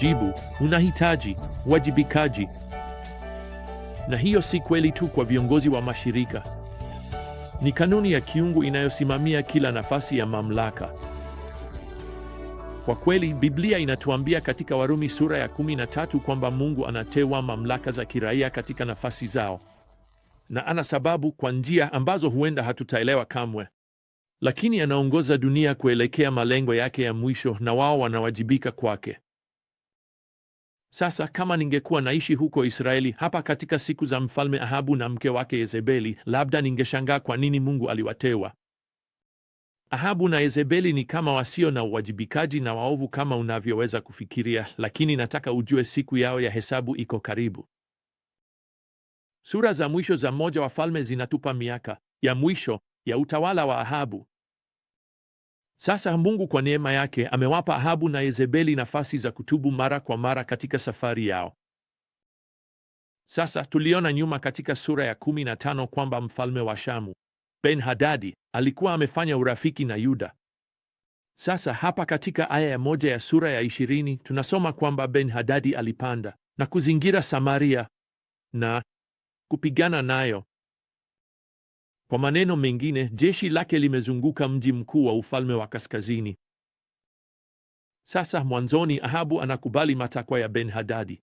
jibu, unahitaji uwajibikaji. Na hiyo si kweli tu kwa viongozi wa mashirika. Ni kanuni ya kiungu inayosimamia kila nafasi ya mamlaka. Kwa kweli, Biblia inatuambia katika Warumi sura ya 13 kwamba Mungu anatewa mamlaka za kiraia katika nafasi zao, na ana sababu kwa njia ambazo huenda hatutaelewa kamwe, lakini anaongoza dunia kuelekea malengo yake ya mwisho, na wao wanawajibika kwake. Sasa kama ningekuwa naishi huko Israeli hapa katika siku za mfalme Ahabu na mke wake Yezebeli, labda ningeshangaa kwa nini Mungu aliwatewa. Ahabu na Yezebeli ni kama wasio na uwajibikaji na waovu kama unavyoweza kufikiria, lakini nataka ujue siku yao ya hesabu iko karibu. Sura za mwisho za mmoja wa Falme zinatupa miaka ya mwisho ya utawala wa Ahabu. Sasa Mungu kwa neema yake amewapa Ahabu na Yezebeli nafasi za kutubu mara kwa mara katika safari yao. Sasa tuliona nyuma katika sura ya 15 kwamba mfalme wa Shamu Ben Hadadi alikuwa amefanya urafiki na Yuda. Sasa hapa katika aya ya moja ya sura ya 20 tunasoma kwamba Ben Hadadi alipanda na kuzingira Samaria na kupigana nayo. Kwa maneno mengine, jeshi lake limezunguka mji mkuu wa ufalme wa kaskazini. Sasa mwanzoni, Ahabu anakubali matakwa ya Ben-Hadadi.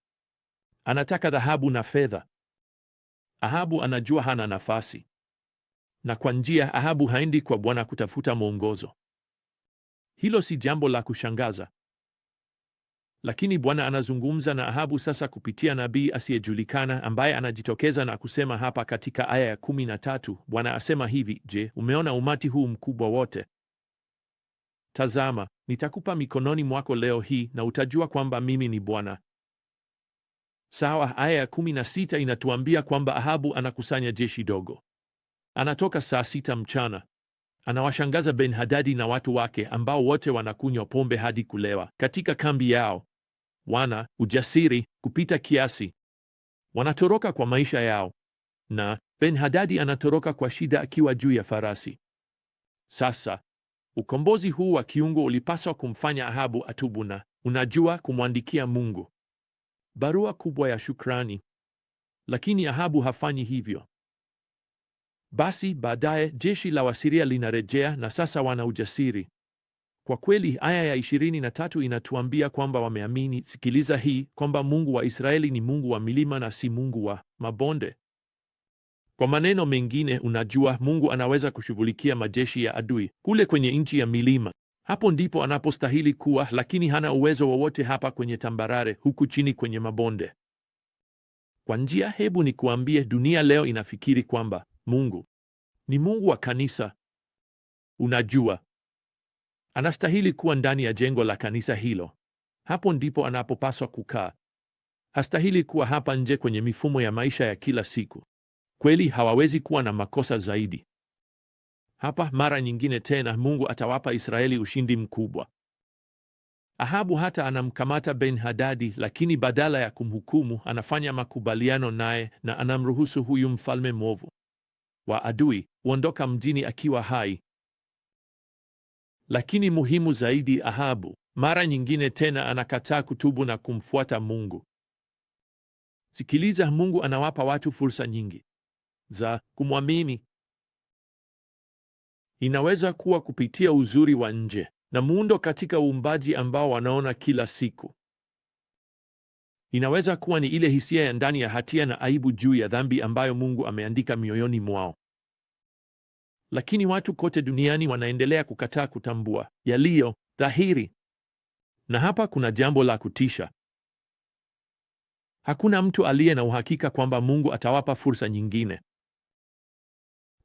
Anataka dhahabu na fedha. Ahabu anajua hana nafasi, na kwa njia, Ahabu haendi kwa Bwana kutafuta mwongozo. Hilo si jambo la kushangaza. Lakini Bwana anazungumza na Ahabu sasa kupitia nabii asiyejulikana ambaye anajitokeza na kusema hapa katika aya ya kumi na tatu, Bwana asema hivi: Je, umeona umati huu mkubwa wote? Tazama, nitakupa mikononi mwako leo hii, na utajua kwamba mimi ni Bwana. Sawa. Aya ya kumi na sita inatuambia kwamba Ahabu anakusanya jeshi dogo, anatoka saa sita mchana anawashangaza Ben Hadadi na watu wake ambao wote wanakunywa pombe hadi kulewa katika kambi yao wana ujasiri kupita kiasi, wanatoroka kwa maisha yao, na Ben Hadadi anatoroka kwa shida akiwa juu ya farasi. Sasa ukombozi huu wa kiungo ulipaswa kumfanya Ahabu atubu na unajua, kumwandikia Mungu barua kubwa ya shukrani, lakini Ahabu hafanyi hivyo. Basi baadaye jeshi la Wasiria linarejea na sasa wana ujasiri kwa kweli aya ya ishirini na tatu inatuambia kwamba wameamini, sikiliza hii, kwamba Mungu wa Israeli ni Mungu wa milima na si Mungu wa mabonde. Kwa maneno mengine, unajua Mungu anaweza kushughulikia majeshi ya adui kule kwenye nchi ya milima. Hapo ndipo anapostahili kuwa, lakini hana uwezo wowote hapa kwenye tambarare, huku chini kwenye mabonde. Kwa njia, hebu nikuambie, dunia leo inafikiri kwamba Mungu ni Mungu wa kanisa. Unajua, Anastahili kuwa ndani ya jengo la kanisa hilo. Hapo ndipo anapopaswa kukaa. Hastahili kuwa hapa nje kwenye mifumo ya maisha ya kila siku. Kweli hawawezi kuwa na makosa zaidi. Hapa mara nyingine tena Mungu atawapa Israeli ushindi mkubwa. Ahabu hata anamkamata Ben Hadadi, lakini badala ya kumhukumu anafanya makubaliano naye na anamruhusu huyu mfalme mwovu wa adui uondoka mjini akiwa hai. Lakini muhimu zaidi, Ahabu mara nyingine tena anakataa kutubu na kumfuata Mungu. Sikiliza, Mungu anawapa watu fursa nyingi za kumwamini. Inaweza kuwa kupitia uzuri wa nje na muundo katika uumbaji ambao wanaona kila siku. Inaweza kuwa ni ile hisia ya ndani ya hatia na aibu juu ya dhambi ambayo Mungu ameandika mioyoni mwao lakini watu kote duniani wanaendelea kukataa kutambua yaliyo dhahiri. Na hapa kuna jambo la kutisha. Hakuna mtu aliye na uhakika kwamba Mungu atawapa fursa nyingine.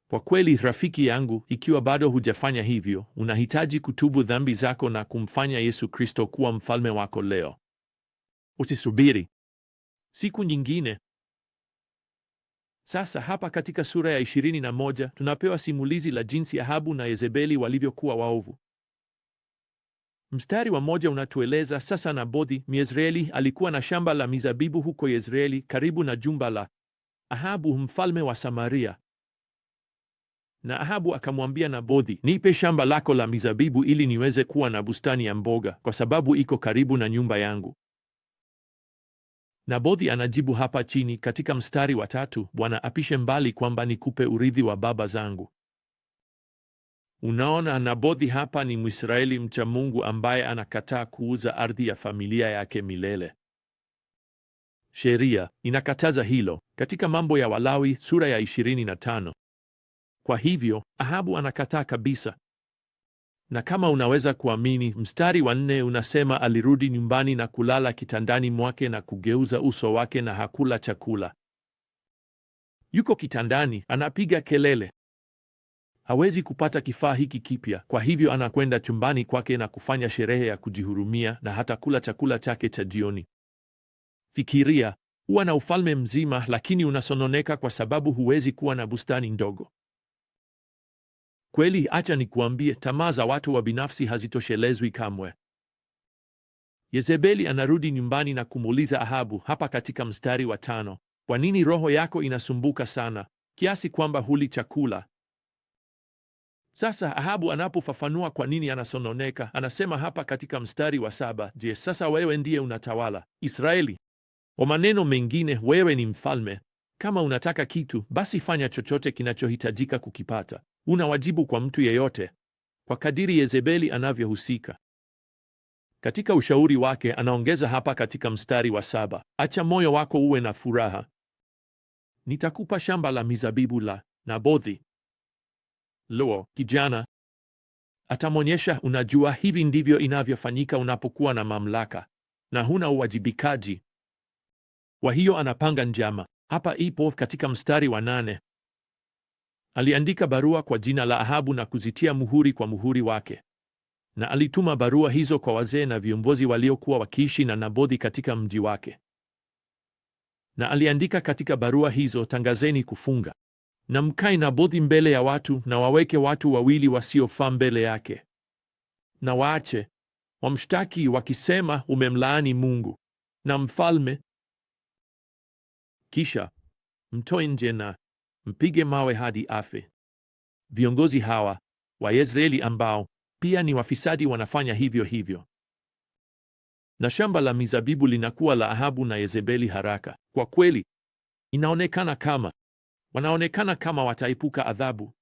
Kwa kweli, rafiki yangu, ikiwa bado hujafanya hivyo, unahitaji kutubu dhambi zako na kumfanya Yesu Kristo kuwa mfalme wako leo. Usisubiri siku nyingine. Sasa hapa katika sura ya 21 tunapewa simulizi la jinsi Ahabu na Yezebeli walivyokuwa waovu. Mstari wa moja unatueleza sasa, Nabothi Myezreeli alikuwa na shamba la mizabibu huko Yezreeli karibu na jumba la Ahabu mfalme wa Samaria. Na Ahabu akamwambia Nabothi, nipe shamba lako la mizabibu ili niweze kuwa na bustani ya mboga, kwa sababu iko karibu na nyumba yangu. Nabothi anajibu hapa chini katika mstari wa tatu, Bwana apishe mbali kwamba nikupe urithi wa baba zangu. Unaona, Nabothi hapa ni Mwisraeli mcha Mungu ambaye anakataa kuuza ardhi ya familia yake milele. Sheria inakataza hilo katika Mambo ya Walawi sura ya 25. Kwa hivyo Ahabu anakataa kabisa na kama unaweza kuamini, mstari wa nne unasema alirudi nyumbani na kulala kitandani mwake na kugeuza uso wake na hakula chakula. Yuko kitandani, anapiga kelele, hawezi kupata kifaa hiki kipya. Kwa hivyo anakwenda chumbani kwake na kufanya sherehe ya kujihurumia na hata kula chakula chake cha jioni. Fikiria, huwa na ufalme mzima, lakini unasononeka kwa sababu huwezi kuwa na bustani ndogo. Kweli, acha nikuambie, tamaa za watu wa binafsi hazitoshelezwi kamwe. Yezebeli anarudi nyumbani na kumuuliza Ahabu hapa katika mstari wa tano, kwa nini roho yako inasumbuka sana kiasi kwamba huli chakula? Sasa Ahabu anapofafanua kwa nini anasononeka, anasema hapa katika mstari wa saba, je, sasa wewe ndiye unatawala Israeli? Kwa maneno mengine, wewe ni mfalme. Kama unataka kitu, basi fanya chochote kinachohitajika kukipata. Una wajibu kwa mtu yeyote, kwa kadiri Yezebeli anavyohusika. Katika ushauri wake anaongeza hapa katika mstari wa saba, acha moyo wako uwe na furaha, nitakupa shamba la mizabibu la Nabothi. Lo, kijana atamwonyesha. Unajua, hivi ndivyo inavyofanyika unapokuwa na mamlaka na huna uwajibikaji. Kwa hiyo anapanga njama hapa. Ipo katika mstari wa nane, Aliandika barua kwa jina la Ahabu na kuzitia muhuri kwa muhuri wake, na alituma barua hizo kwa wazee na viongozi waliokuwa wakiishi na Nabothi katika mji wake. Na aliandika katika barua hizo, tangazeni kufunga na mkae Nabothi mbele ya watu, na waweke watu wawili wasiofaa mbele yake, na waache wamshtaki wakisema, umemlaani Mungu na mfalme, kisha mtoe nje na mpige mawe hadi afe. Viongozi hawa Waisraeli ambao pia ni wafisadi wanafanya hivyo hivyo, na shamba la mizabibu linakuwa la Ahabu na Yezebeli haraka. Kwa kweli, inaonekana kama wanaonekana kama wataepuka adhabu,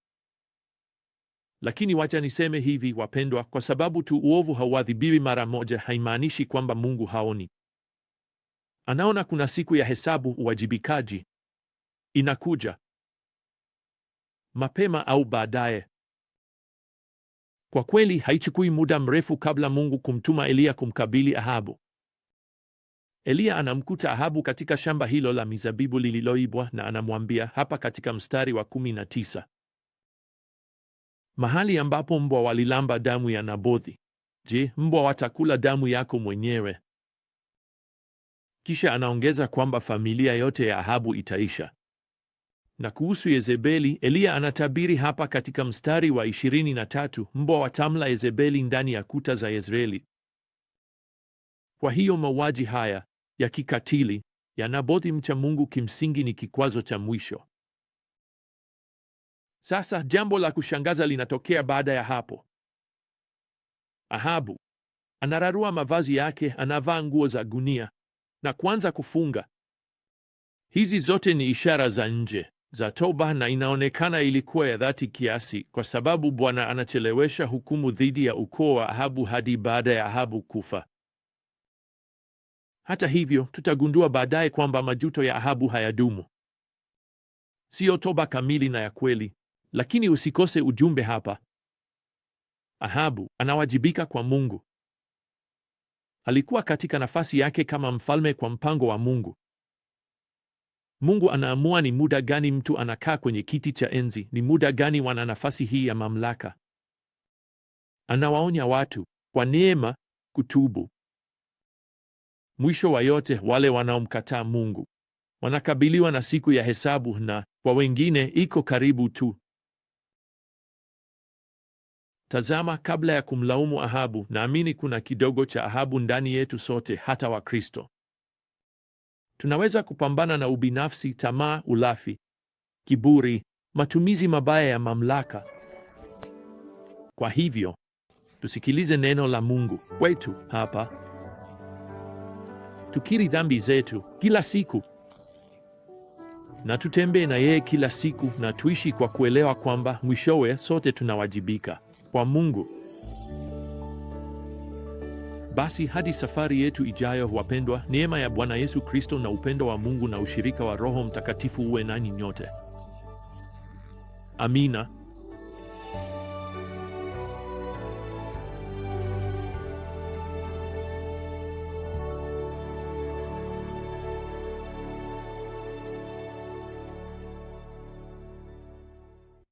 lakini wacha niseme hivi, wapendwa, kwa sababu tu uovu hauadhibiwi mara moja, haimaanishi kwamba Mungu haoni. Anaona kuna siku ya hesabu, uwajibikaji inakuja mapema au baadaye. Kwa kweli, haichukui muda mrefu kabla Mungu kumtuma Eliya kumkabili Ahabu. Eliya anamkuta Ahabu katika shamba hilo la mizabibu lililoibwa na anamwambia hapa katika mstari wa 19, mahali ambapo mbwa walilamba damu ya Nabothi, je, mbwa watakula damu yako mwenyewe? Kisha anaongeza kwamba familia yote ya Ahabu itaisha. Na kuhusu Yezebeli, Eliya anatabiri hapa katika mstari wa 23, mbwa watamla Yezebeli ndani ya kuta za Yezreeli. Kwa hiyo mauaji haya ya kikatili ya Nabothi mcha Mungu kimsingi ni kikwazo cha mwisho. Sasa jambo la kushangaza linatokea baada ya hapo. Ahabu anararua mavazi yake, anavaa nguo za gunia na kuanza kufunga. Hizi zote ni ishara za nje za toba na inaonekana ilikuwa ya dhati kiasi, kwa sababu Bwana anachelewesha hukumu dhidi ya ukoo wa Ahabu hadi baada ya Ahabu kufa. Hata hivyo, tutagundua baadaye kwamba majuto ya Ahabu hayadumu. Siyo toba kamili na ya kweli, lakini usikose ujumbe hapa. Ahabu anawajibika kwa Mungu. Alikuwa katika nafasi yake kama mfalme kwa mpango wa Mungu. Mungu anaamua ni muda gani mtu anakaa kwenye kiti cha enzi, ni muda gani wana nafasi hii ya mamlaka. Anawaonya watu kwa neema kutubu. Mwisho wa yote, wale wanaomkataa Mungu wanakabiliwa na siku ya hesabu, na kwa wengine iko karibu tu. Tazama, kabla ya kumlaumu Ahabu, naamini kuna kidogo cha Ahabu ndani yetu sote, hata Wakristo tunaweza kupambana na ubinafsi, tamaa, ulafi, kiburi, matumizi mabaya ya mamlaka. Kwa hivyo tusikilize neno la Mungu kwetu hapa, tukiri dhambi zetu kila siku na tutembee na yeye kila siku, na tuishi kwa kuelewa kwamba mwishowe sote tunawajibika kwa Mungu. Basi hadi safari yetu ijayo, wapendwa, neema ya Bwana Yesu Kristo na upendo wa Mungu na ushirika wa Roho Mtakatifu uwe nanyi nyote. Amina.